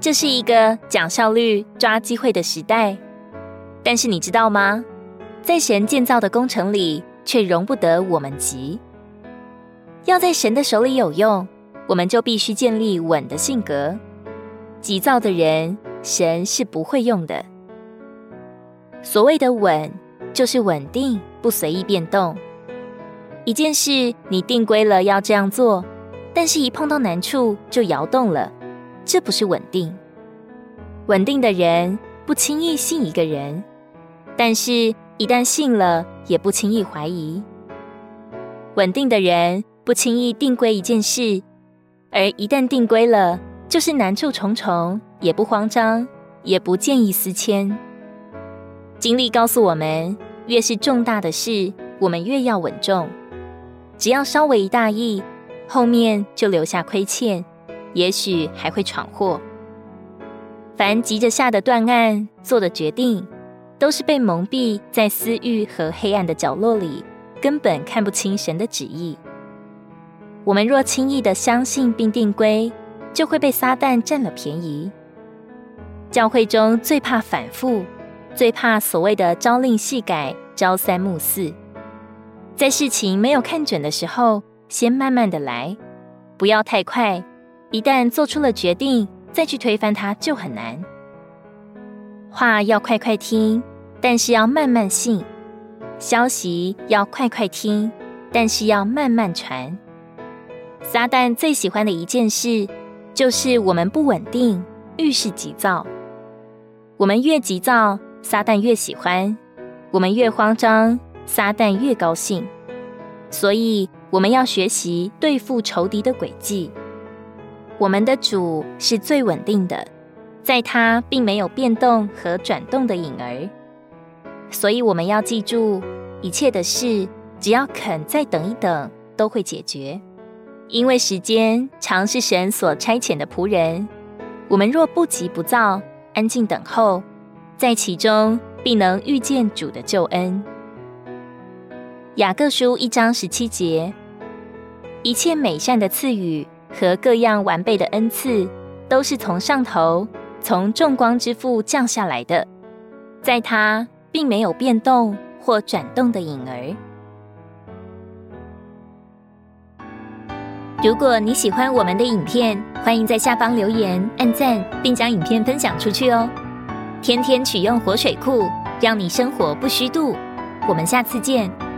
這是一個講效率、抓機會的時代，但是你知道嗎？在神建造的工程裡，卻容不得我們急。要在神的手裡有用，我們就必須建立穩的性格。急躁的人，神是不會用的。所謂的穩，就是穩定，不隨意變動。一件事你定規了要這樣做，但是一碰到難處就搖動了，這不是穩定。穩定的人不輕易信一個人，但是一旦信了也不輕易懷疑。穩定的人不輕易定規一件事，而一旦定規了，就是難處重重，也不慌張，也不見異思遷。經歷告訴我們，越是重大的事，我們越要穩重。只要稍微一大意，後面就留下虧欠，也許還會闖禍。凡急着下的斷案、做的決定，都是被蒙蔽在私欲和黑暗的角落裡，根本看不清神的旨意。我們若輕易的相信並定規，就會被撒旦占了便宜。教會中最怕反復，最怕所謂的朝令夕改、朝三暮四。在事情沒有看準的時候，先慢慢的來，不要太快。一旦做出了決定，再去推翻它就很難。話要快快聽，但是要慢慢信；消息要快快聽，但是要慢慢傳。撒旦最喜歡的一件事，就是我們不穩定、遇事急躁。我們越急躁，撒旦越喜歡；我們越慌張，撒旦越高興。所以，我們要學習對付仇敵的詭計。我們的主是最穩定的，在他並沒有變動和轉動的影兒，所以我們要記住，一切的事只要肯再等一等，都會解決。因為時間常是神所差遣的僕人，我們若不急不躁，安靜等候，在其中必能遇見主的救恩。雅各書一章十七節，一切美善的賜予。和各樣完備的恩賜，都是從上頭，從眾光之父降下來的，在祂並沒有變動或轉動的影兒。如果你喜歡我們的影片，歡迎在下方留言、按讚，並將影片分享出去哦。天天取用活水庫，讓你生活不虛度。我們下次見。